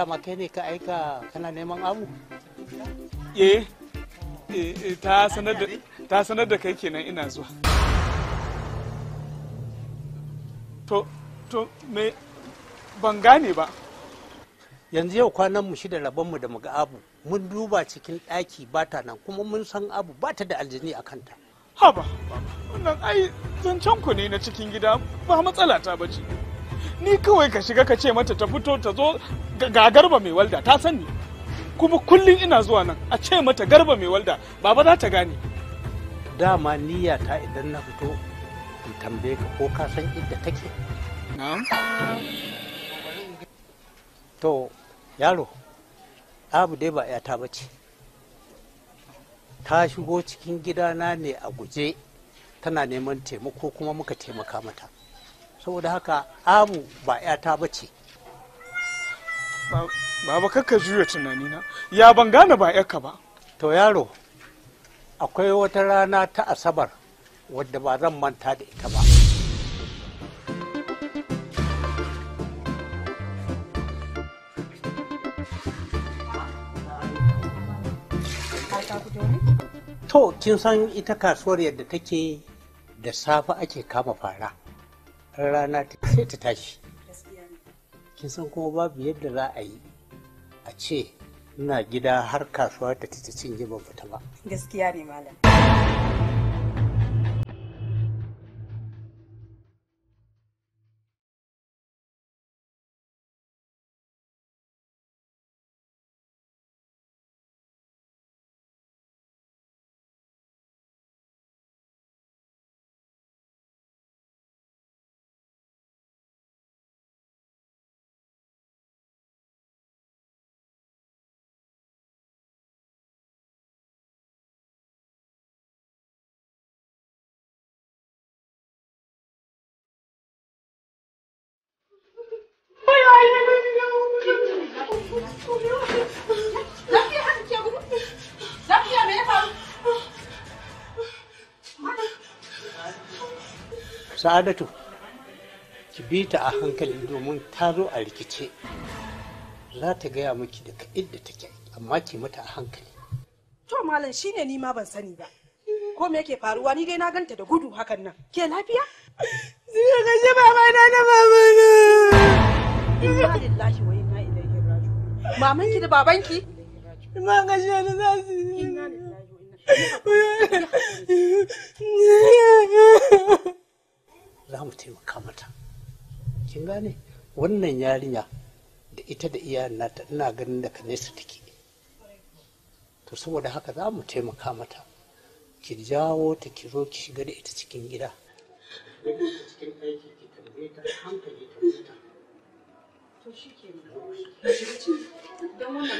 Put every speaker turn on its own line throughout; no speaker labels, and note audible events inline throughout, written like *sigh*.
dama kai ne ka aika kana neman abu eh,
eh,
eh ta sanar da kai kenan ina zuwa
to to me ban gane ba yanzu yau kwanan mu shida rabon mu da muga abu mun duba cikin ɗaki bata nan kuma mun san abu ba ta da aljini a kanta haba wannan ai zancen ku ne na cikin gida
ba matsala ta bace ni kawai ka shiga ka ce mata ta fito ta zo ga garba mai walda ta sani kuma kullum ina zuwa nan a ce mata garba mai walda baba za
ta gane dama niyya ta idan na fito in tambaye ka ko ka san inda take to yaro abu dai ba 'yata ta bace ta shigo cikin gidana ne a guje tana neman taimako kuma muka taimaka mata saboda haka abu ba 'yata ba ce baba kakka juya tunanina ya ban gane ba 'yarka ba to yaro akwai wata rana ta asabar wadda ba zan manta da ita ba to kin san ita kasuwar yadda take da safe ake kama fara zafin rana *laughs* sai ta tashi kin san kuma babu yadda za a yi a ce ina gida har kasuwa ta ta cinye ban fita ba
gaskiya ne malam sa'adatu
ki bi ta a hankali domin ta zo a rikice za ta gaya miki daga inda take amma ki mata a hankali
to malam shine ni ma ban sani ba ko me yake faruwa ni dai na ganta da gudu hakan nan ke lafiya
zai ga baba na na baba
na Mamanki da babanki? Ma da za su yi.
Za mu taimaka mata. Kin gane? Wannan yarinya da ita da iyayen nata ina ganin da ka nesa take. To saboda haka za mu taimaka mata. Ki jawo ta ki zo ki shiga da ita cikin gida. cikin aiki ki tambaye ta hankali ta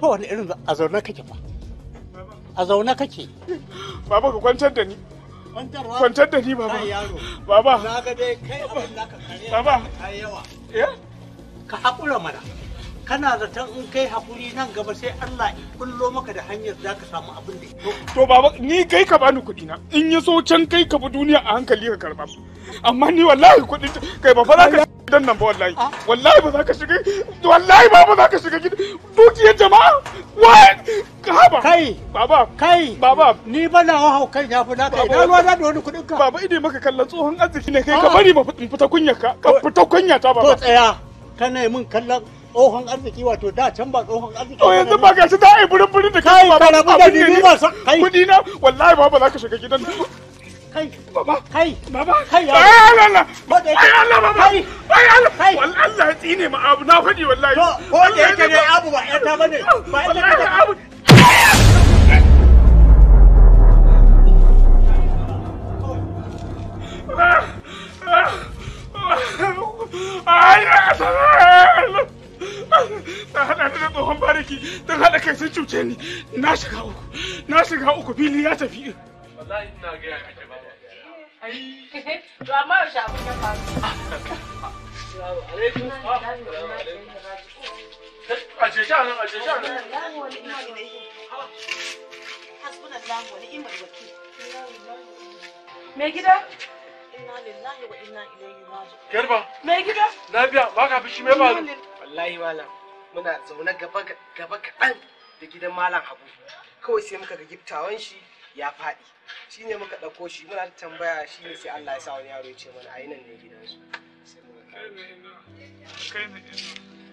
to wani irin a zaune kake fa a zaune kake baba ka kwantar da ni kwantar da ni baba baba na ga dai kai abin da ka kare baba yawa ka haƙura mana kana zaton in kai haƙuri nan gaba sai Allah ya kullo maka da hanyar za ka samu abin da
to baba ni kai ka bani kuɗi na in ya so can kai ka bi duniya a hankali ka karɓa amma ni wallahi kuɗi kai ba za ka gidan nan ba wallahi wallahi ba za ka shiga wallahi ba ba za ka shiga gidan dukiyar jama'a wai haba kai baba kai baba ni ba na
hau kai na fi naka idan ruwa na da wani kuɗin ka baba idai maka kallon tsohon arziki ne kai ka ah. bari ma fita kunya ka ka fita kunya ta baba to tsaya kana min kallon tsohon arziki wato da can ba tsohon arziki to yanzu
ba gashi da ai burin burin da kai ba ba ba ba ba ba ba ba ba ba ba ba ba kai baba kai baba kai ya Allah ai Allah ma da tsohon bariki don haɗa kai sun cuce ni na fili ya tafi
ina ga
To A nan,
Garba. gida? Lafiya, ba ka fushi faru? Wallahi malam, muna zaune
gaba gaba kaɗan da gidan malam Habu. Kawai sai muka ga giftawan shi ya faɗi. shi ne muka ɗauko shi muna ta tambaya shi ne sai Allah ya sa wani yaro ya ce mana ayi nan ne gidansu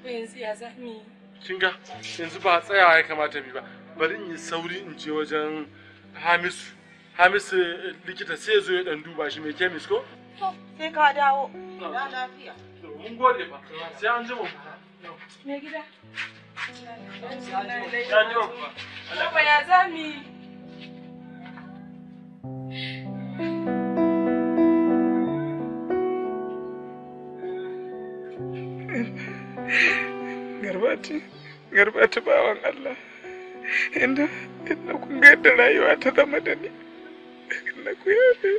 yanzu ya zami
kin ga yanzu ba tsaya ya kamata bi ba bari in yi sauri in je wajen Hamisu Hamisu eh, likita sai ya zo ya dan duba shi mai kemis ko
sai ka dawo na lafiya
mun gode ba sai an ji mu
Mai gida Ya ji ba. Allah ya
zami.
garbati garbati bawan Allah inda inda kun ga yadda rayuwa ta zama da ni
inda ku yafe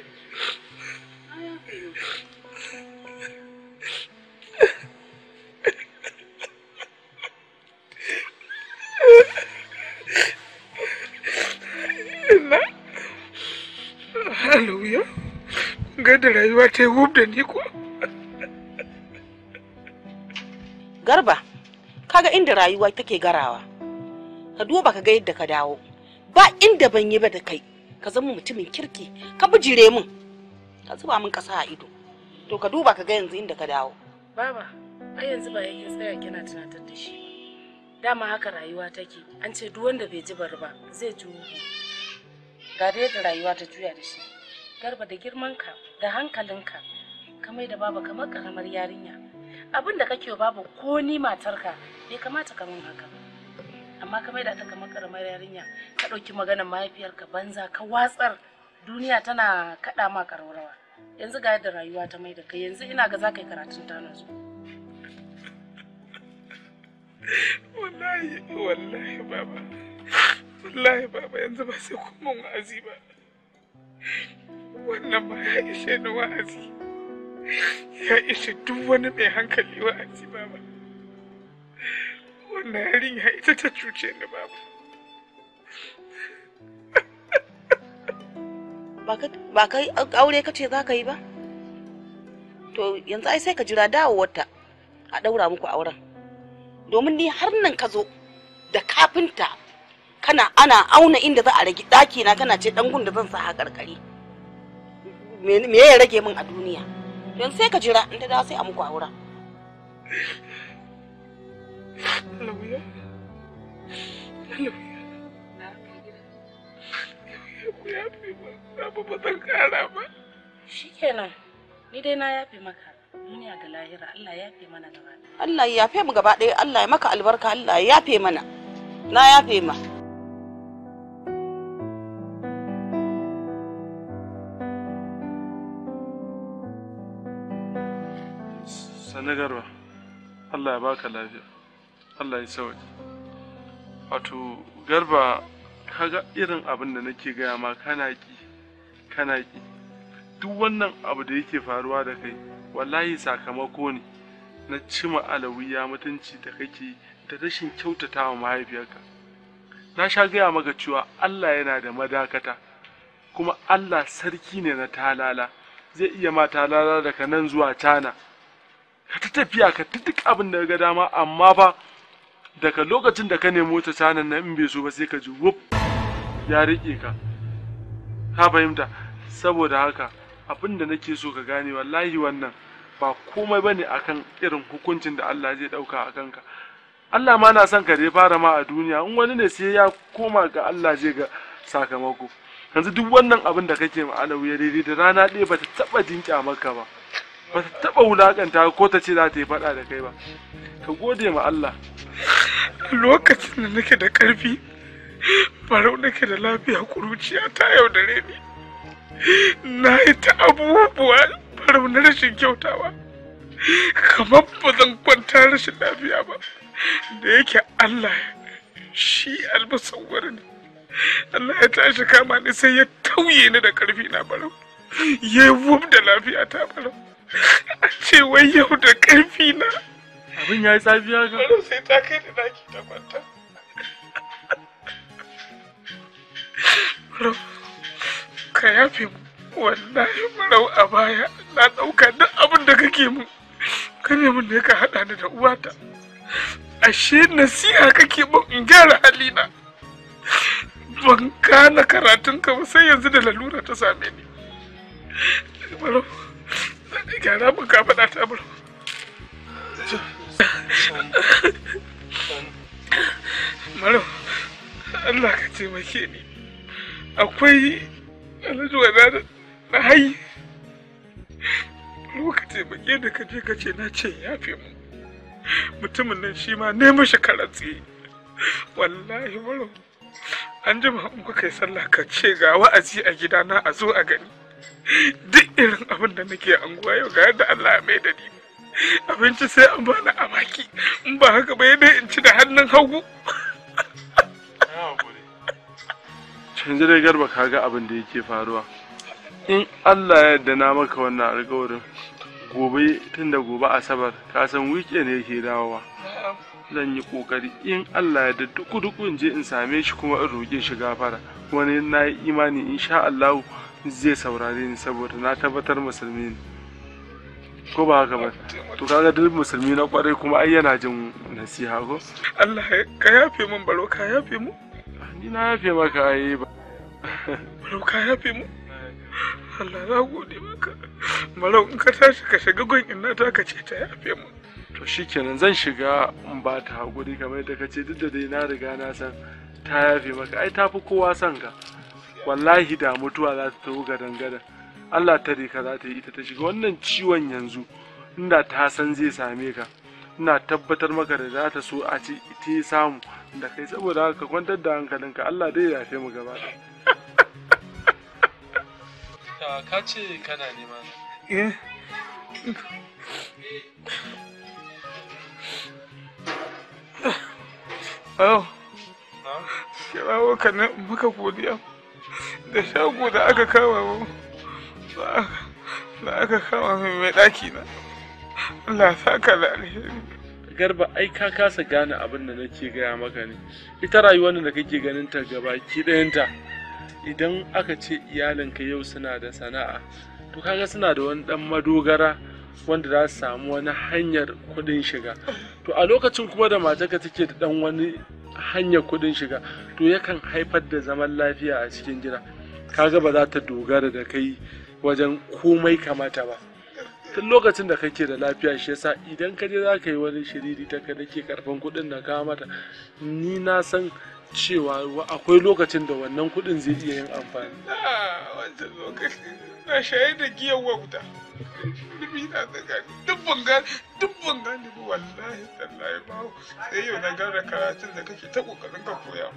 haluya, kun ga yadda rayuwa ta yi da ni ko Garba kaga inda rayuwa take garawa ka duba ka ga yadda ka dawo ba inda ban yi ba da kai ka zama mutumin kirki ka bujire min ka zuba min kasa a ido to ka duba ka ga yanzu inda ka dawo baba ai yanzu ba yake tsaya kina tunatar da shi ba dama haka rayuwa take an ce duk wanda bai ji ba zai ji ga da yadda rayuwa ta juya da shi garba da girmanka da hankalinka ka mai da baba kamar karamar yarinya abin da kake babu ko ni matarka bai kamata ka min haka amma ka mai da ta kamar karamar yarinya ka ɗauki maganar mahaifiyarka banza ka watsar duniya tana kaɗa ma karaurawa yanzu ga yadda rayuwa ta mai da kai yanzu ina ga za ka yi karatun ta su
wallahi
wallahi baba wallahi baba yanzu ba sai kuma
wa'azi ba
wannan ba ya ishe ni wa'azi ya isa duk wani mai hankali wa aji baba wannan ya ita ta cuce ni baba
ba ka aure ka za ka yi ba to yanzu ai sai ka jira dawowarta a ɗaura muku auren domin ni har nan ka zo da kafinta kana ana auna inda za a rage ɗaki na kana ce ɗangun da zan sa a ƙarƙari me ya rage min a duniya don sai ka jira in ta dawo sai a muku aura
Lauya, lauya, ku yafe ba, na ba ba kara ba. Shikenan,
ni dai na yafe maka.
Duniya da lahira, Allah ya yafe mana gaba.
Allah ya yafe mu gaba ɗaya, Allah ya maka albarka, Allah ya yafe mana. Na yafe ma.
na garba allah ya baka lafiya allah ya sauki wato garba kaga irin abin da nake gaya ma kana ki kana ki duk wannan abu da yake faruwa da kai wallahi sakamako ne na cima alawiya mutunci da kake da rashin kyautata wa mahaifiyarka na sha gaya maka cewa allah yana da madakata kuma allah sarki ne na talala zai iya ma talala daga nan zuwa tana ka ta tafiya ka ta duk abin da ga dama amma fa daga lokacin da ka nemo ta canan nan in bai so ba sai ka ji wuf ya riƙe ka ka fahimta saboda haka abin da nake so ka gane wallahi wannan ba komai bane akan irin hukuncin da Allah zai ɗauka a kanka Allah ma na son ka dai fara ma a duniya in wani ne sai ya koma ga Allah zai ga sakamako yanzu duk wannan abin da kake ma'ana ya daidai da rana ɗaya ba ta taɓa jinƙya maka ba ba ta taba wulakanta ko ta ce za ta yi faɗa da kai ba ka gode ma Allah
lokacin da nake da ƙarfi farau nake da lafiya kuruciya ta yaudare ni na yi ta abubuwa farau na rashin kyautawa kamar ba zan kwanta rashin lafiya ba da yake Allah shi albasan wurin. Allah ya tashi kama ni sai ya tauye ni da ƙarfi na barau ya yi wub da lafiya ta barau a ce
wai yau da ƙarfi na abin ya yi haka wani
sai ta kai da daki ta kwanta ka yafe mu wallahi marau a baya na ɗauka duk abin da kake mu ne mun ne ka haɗa ni da uwata ashe nasiha kake mun in gyara halina ban gane karatunka ba sai yanzu da lalura ta same ni marau gyara mun ka faɗa ta bulu Maro, Allah ka taimake ni. Akwai wa wadana na hayi. Lokaci baƙi da kaje je ka ce na ce ya fi mu. Mutumin nan shi ma ne shi karatse. Wallahi maro. An jima in kuka yi sallah ka ce ga wa'azi a gidana a zo a gani. duk irin abin da nake anguwa yau ga yadda Allah ya mai da ni abinci sai an bani amaki, in ba haka ba yadda in ci da hannun hagu
canji dai garba ka ga abin da yake faruwa in Allah ya yadda na maka wannan alƙawarin gobe da gobe asabar ka san weekend yake dawowa zan yi kokari in Allah ya da duku duku in je in same shi kuma in roƙe shi gafara wani na yi imani insha Allah zai saurare ni saboda na tabbatar musulmi ne ko ba haka ba to kaga duk musulmi na kwarai kuma ai yana jin nasiha ko Allah ka yafe mun baro ka yafe mu ni na yafe maka ai ba baro ka
yafe mu Allah na gode maka baro in ka tashi ka shiga gon inna
ta ka ce ta yafe mu to shikenan zan shiga in ba ta hakuri kamar da ka ce duk da dai na riga na san ta yafe maka ai tafi kowa san ka wallahi da mutuwa za ta tawo gadan gadan Allah ta ka za ta yi ita ta shiga wannan ciwon yanzu inda ta san zai same ka ina tabbatar maka da za ta so a ce ita samu da kai saboda haka kwantar da hankalinka Allah dai ya mu gaba da *laughs* ka ce kana nema
eh
Oh, kira maka godiya. da shago da aka kama
mu da aka kama min mai ɗaki na Allah saka da alheri garba ai ka kasa gane abin da nake gaya maka ne ita rayuwar da kake ganin ta gabaki ɗayanta idan aka ce iyalinka yau suna da sana'a to kaga suna da wani dan madogara wanda za su samu wani hanyar kuɗin shiga to a lokacin kuma da matarka take da dan wani hanyar kuɗin shiga to yakan haifar da zaman lafiya a cikin gida kaga ba za ta dogara da kai wajen komai kamata ba tun lokacin da kake da lafiya shi yasa idan ka je za ka yi wani shiriri ta ka nake karfan kuɗin na kawo mata ni na san cewa akwai lokacin da wannan kuɗin zai iya yin amfani
ah,
wancan lokacin na shayar da giyan wauta dubi na tsakani duk bangan duk bangan dubi wallahi tallahi bawo sai yau na gara karatun da kake ta kokarin ka
koya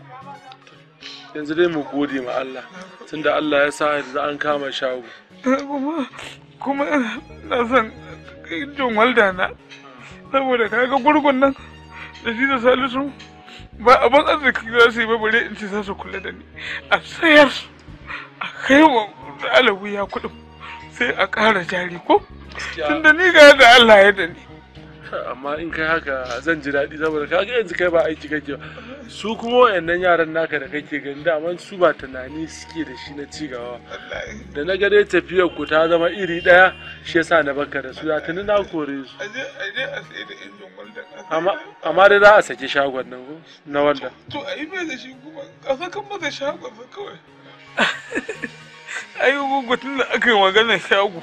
yanzu dai mu gode ma Allah tunda Allah ya sa yanzu an kama shago eh, kuma kuma na san
jin Walda na saboda kaga gurgun nan da shi da Salisu ba abin arziki za su yi ba bare in ce za su kula da ni a sayar a kai wa alawi ya kuɗin sai a kara jari ko tunda ni ga da Allah ya da
amma in kai haka zan ji daɗi saboda kaga yanzu kai ba aiki kake ba su kuma wayannan yaran naka da kake gani da amma su ba tunani suke da shi na cigawa da na gare tafiyar ku ta zama iri ɗaya shi yasa na baka da su da tuni na kore su amma dai za a saki shagon nan ko na wanda
to a yi mai da shi kuma a sakan masa shagon kawai *laughs* ai tun da aka yi maganar shago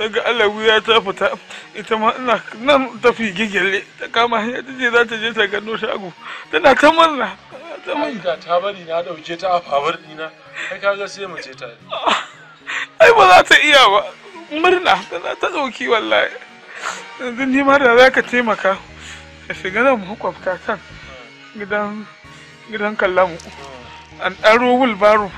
daga alawu ya ta fita ita
ma ina nan tafi gigile ta kama hanya ta ce za ta je ta gano shago tana ta murna ta mai ga ta bari na dauke ta a fabar dina kai kaga sai mu ce ta
*laughs* ai ba za ta iya ba murna ta za ta dauki wallahi yanzu ni ma da zaka taimaka ka shiga nan makwabta kan gidan gidan kallamu an daro wulbaro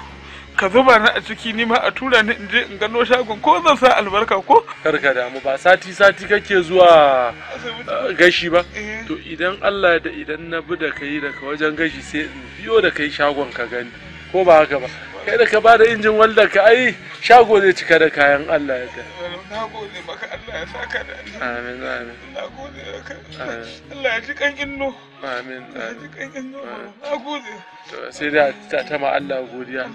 ka zuba na a ciki ni
ma a tura ni in je in gano shagon ko zan sa albarka ko kar ka damu ba sati sati kake zuwa ah, gashi ba eh. to idan Allah da idan na bi da kai daga wajen gashi sai in biyo da kai shagon ka gani ko ba haka ba kai da ka ba da injin walda ka ai shago zai cika da kayan Allah ya ta. Na gode maka Allah ya saka da Amin amin. Na gode maka. Allah ya ji kan inno. Amin amin. Na gode. To sai da ta tama Allah godiya.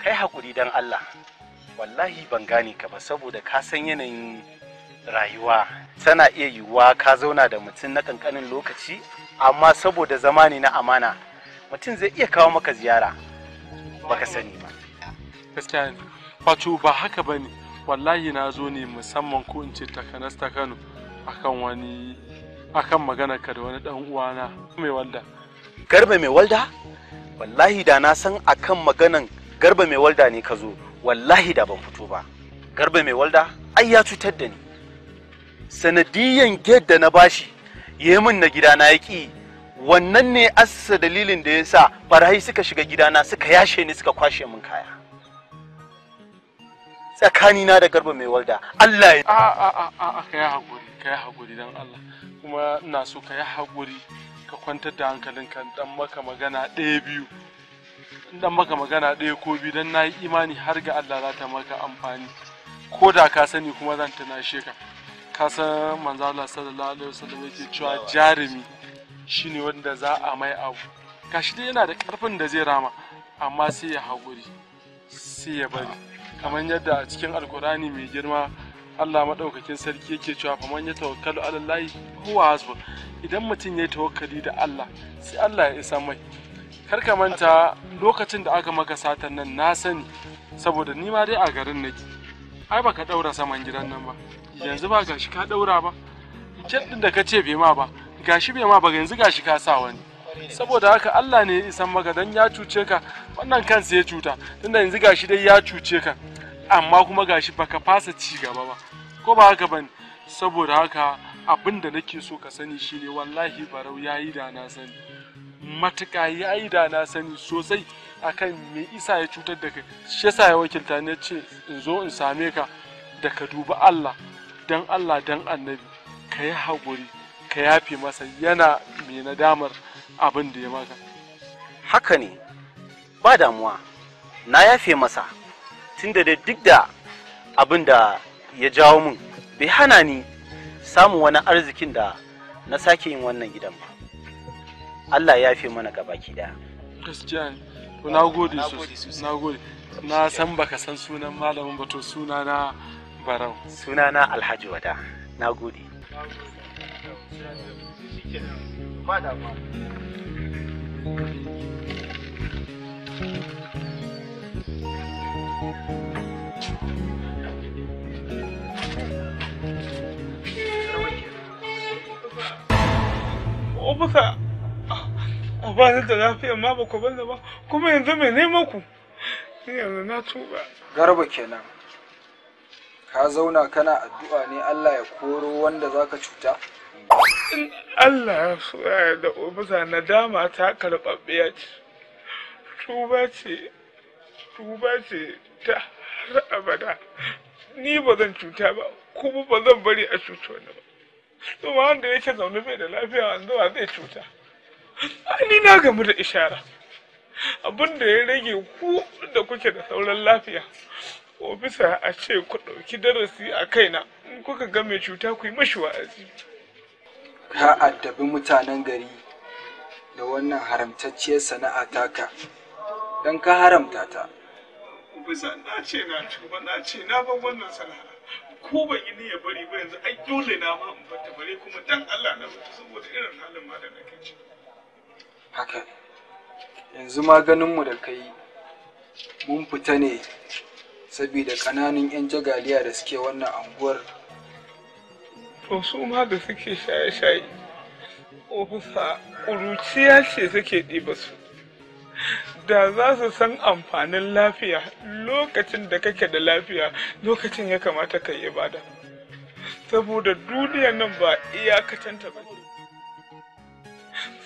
Kai haƙuri don Allah. wallahi ban gane ka ba saboda ka san yanayin rayuwa tana iya yiwuwa ka zauna da mutum na kankanin lokaci amma saboda zama ne na amana mutum zai iya kawo maka ziyara baka sani
ba gaskiya wato ba haka ba ne wallahi na zo ne musamman ko in ce takanas ta kano akan wani akan magana ka da wani dan uwana mai walda
garba mai walda wallahi da na san akan maganan garba mai walda ne ka zo wallahi da ban fito ba garba mai walda ai ya cutar da ni sanadiyan get da na bashi ya yi min na gida na yaki wannan ne assa dalilin da ya sa barayi suka shiga gidana suka yashe ni suka kwashe min kaya tsakanina da garba mai walda Allah ya a
a a a ka yi hakuri ka hakuri dan Allah kuma ina so ka yi hakuri ka kwantar da hankalinka dan maka magana ɗaya biyu dan maka magana ɗaya ko biyu dan na yi imani har ga Allah za ta maka amfani ko da ka sani kuma zan tunashe ka ka san manzo Allah sallallahu alaihi wasallam yake cewa jarumi shine wanda za a mai abu kashi dai yana da karfin da zai rama amma sai ya haƙuri sai ya bari kamar yadda a cikin alkurani mai girma Allah maɗaukakin sarki yake cewa fa ya yatawakkalu ala Allah huwa hasbu idan mutum ya tawakkali da Allah sai Allah ya isa mai kar ka manta lokacin da aka maka satan nan na sani saboda ni ma dai a garin nake ai baka daura saman gidan nan ba yanzu ba gashi ka daura ba din da ka ce bai ma ba gashi bai ma ba yanzu gashi ka sa wani saboda haka Allah ne ya isan maka dan ya cuce ka wannan kansa ya cuta tunda yanzu gashi dai ya cuce ka amma kuma gashi baka fasa ci gaba ba ko ba haka bane saboda haka abin da nake so ka sani shine wallahi barau yayi da na sani matuƙa ya yi da na sani sosai akan me isa ya cutar da kai shi yasa ya wakilta ne ce in zo in same ka da ka duba Allah dan Allah dan annabi ka yi haƙuri ka yafe masa yana mai nadamar abin da ya maka haka ne
ba damuwa na yafe masa tunda da duk da abin da ya jawo min bai hana ni samun wani arzikin da na sake yin wannan gidan ba Allah ya fi mana gabaki da.
gaskiya to na gode sosai na gode na san baka san sunan malamin ba to suna na barau suna na alhaji wada na gode
Obuka. ba ni da lafiya ma ba ku ba kuma yanzu mai nema ku
yanzu na tuba garba kenan ka zauna kana addu'a ne Allah ya koro wanda zaka cuta in
Allah ya so ya da ubisa nadama ta karbabbiya ce tuba ce tuba ce ta har abada ni ba zan cuta ba kuma ba zan bari a cuta wani ba to wanda yake zaune bai da lafiya wanda zai cuta ni na gamu da ishara abin da ya rage ku da kuke da sauran lafiya ofisa a ce ku ɗauki darasi a kaina in kuka ga mai cuta ku yi mashi wa'azi
ka addabi mutanen gari da wannan haramtacciyar sana'a taka don ka haramta ta
ofisa na ce na tuba na ce na ban wannan sana'a ko ban yi ya bari ba yanzu ai dole na ma in bata bare kuma dan Allah na mutu saboda irin halin ma da nake ciki
haka yanzu maganinmu da kai mun fita ne sabida ƙananan 'yan jagaliya da suke wannan anguwar
to su ma da suke shaye-shaye ofisa ƙuruciya ce suke ɗiba su da za su san amfanin lafiya lokacin da kake da lafiya lokacin ya kamata ka yi ibada saboda duniyar nan ba iyakacin ta ba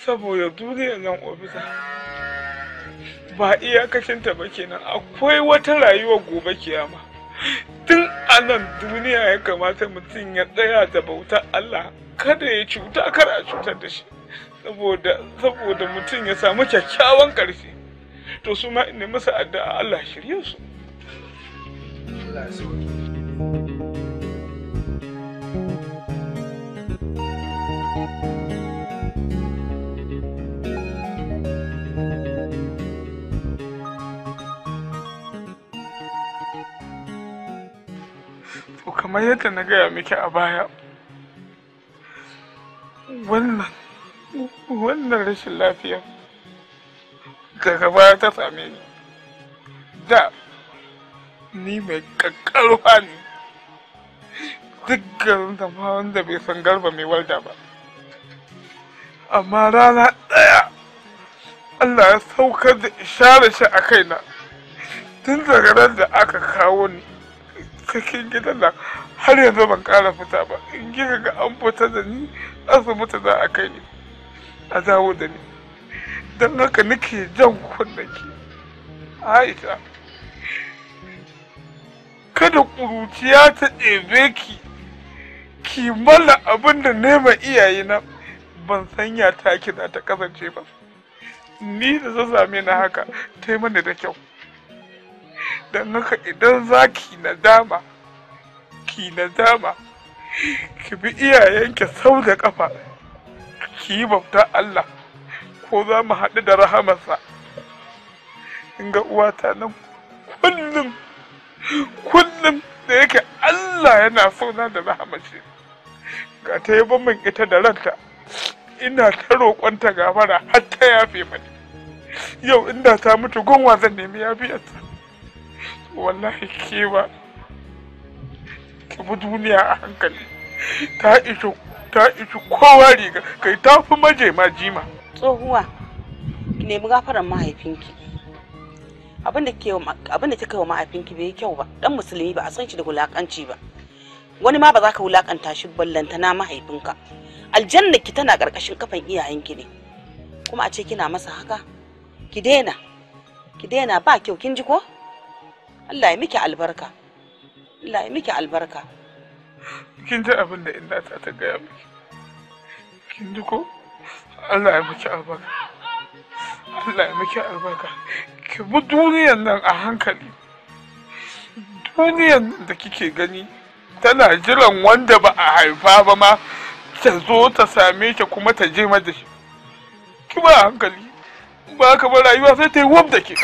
saboda duniyar nan ofisa ba iyakacinta ba kenan akwai wata rayuwa gobe kiyama tun a nan duniya ya kamata mutum ya tsaya da bauta Allah kada ya cuta kar a cutar da shi saboda mutum ya samu kyakkyawan ƙarfi to su ma ina masa addu'a Allah shirye su kamar yadda na gaya miki a baya wannan wannan rashin lafiya daga baya ta same ni da ni mai kakkarwa ne duk garin da ma wanda bai san garba mai walda ba amma rana ɗaya Allah ya saukar da isharar shi a kaina tun daga da aka kawo ni cikin gidan nan har yanzu ban ƙara fita ba in kika ga an fita da ni asibiti za a kai ni a dawo da ni don haka nake jan kunnaki aisha kada ƙuruciya ta ɗebe ki ki mala abin da nema na ban sanya taki za ta kasance ba ni da zazzame na haka ta yi mana da kyau Dan haka idan za ki nadama ki nadama ki bi iyayenki sau da ƙafa ki yi bauta Allah ko za mu haɗu da rahamarsa in ga uwata nan kullum kullum da yake Allah yana sauna da rahamarsa ga ta yi min ita da ranta ina ta roƙonta gafara har ta yafe mani yau inda ta mutu gunwa zan nemi yafiyarta wallahi kewa ki bi duniya a hankali ta ishi ta kowa riga kai ta fi maje ma jima
tsohuwa ki nemi gafaran mahaifinki abinda ke abinda kika wa mahaifinki bai kyau ba dan musulmi ba a san shi da wulakanci ba wani ma ba za ka wulakanta shi ballantana mahaifinka aljanna ki tana karkashin kafan iyayenki ne kuma a ce kina masa haka ki daina ki daina ba kyau kin ji ko Allah ya miki albarka Allah ya miki albarka
kin ji abin da inda ta ta gaya miki kin ji ko Allah ya miki albarka Allah ya miki albarka ki bi duniyan nan a hankali duniyan nan da kike gani tana jiran wanda ba a haifa ba ma ta zo ta same ki kuma ta je mata shi ki ba hankali ba ka ba rayuwa sai ta yi wab da ke.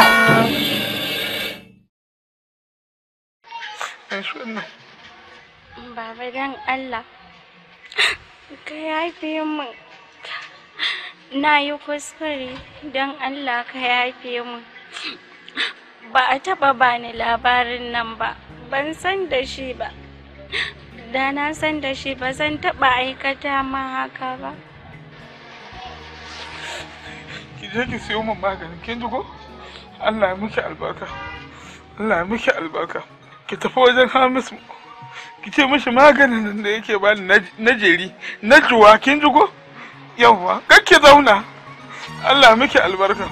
kan shi
baba dan Allah ka yafe min na yi kuskure don Allah ka yafe min ba a taɓa bani labarin nan ba ban san da shi ba da na san da shi ba zan taɓa aikata ma haka ba
ki je ki siyo min maganin kin ji ko Allah ya miki albarka Allah ya miki albarka ki tafi wajen hamis ki ce mishi maganin da yake bani na jeri na juwa kin ji ko yawwa zauna Allah miki albarka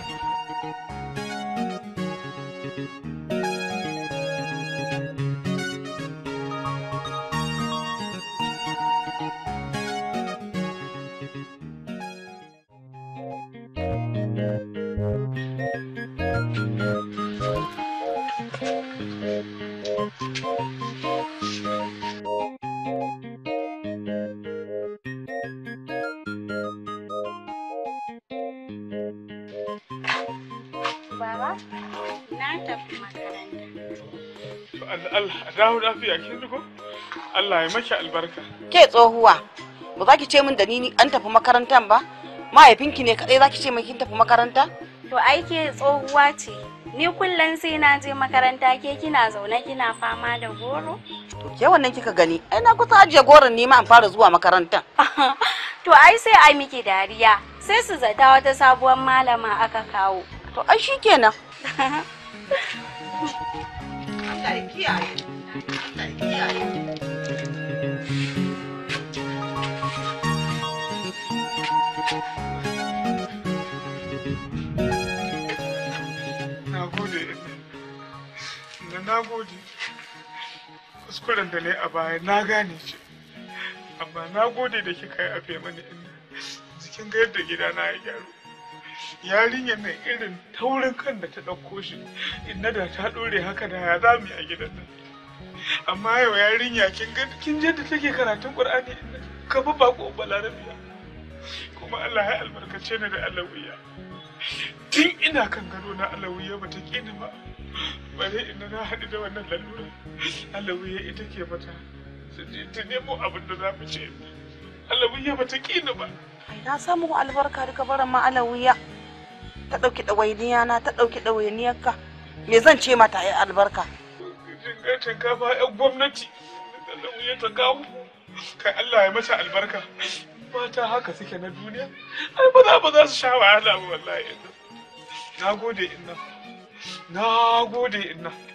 dawo lafiya kin ji ko Allah ya maki albarka
ke tsohuwa ba za ki ce min da ni an tafi makarantan ba mahaifinki ne kadai za ki ce min kin tafi makaranta to ai ke tsohuwa ce ni kullum sai na je makaranta ke kina zaune kina fama da goro to ke wannan kika gani ai na kusa ajiye goron ne ma an fara zuwa makaranta *laughs* to ai sai ai miki dariya sai su zata wata sabuwar malama aka kawo to ai shikenan *laughs* Allah ya kiyaye na gode
kuskuren da na yi a baya na gane shi amma na gode da kika yi afe mani inda cikin ga yadda gida na ya gyaru yarinyar mai irin taurin kan da ta ɗauko shi inda da ta ɗore haka da ya zami a gidan nan amma yau yarinya kin ga kin je da take karatun Qur'ani ka ba ko balarabiya kuma Allah ya albarkace ni da alawiya tun ina kan gado na alawiya ta kini ba bare ina na haɗu da wannan lalura alawiya ita ke mata ta nemo abin da za mu ce alawiya ta kini ba
na samu albarka duka barin ma alawiya ta ɗauki ɗawainiya na ta ɗauki ɗawainiyarka me zan ce mata ya albarka
kai shinkafa yan gwamnati da ta kawo kai Allah ya mata albarka mata haka suke na duniya ai ba ba za su sha wahala ba wallahi na gode inna na gode inna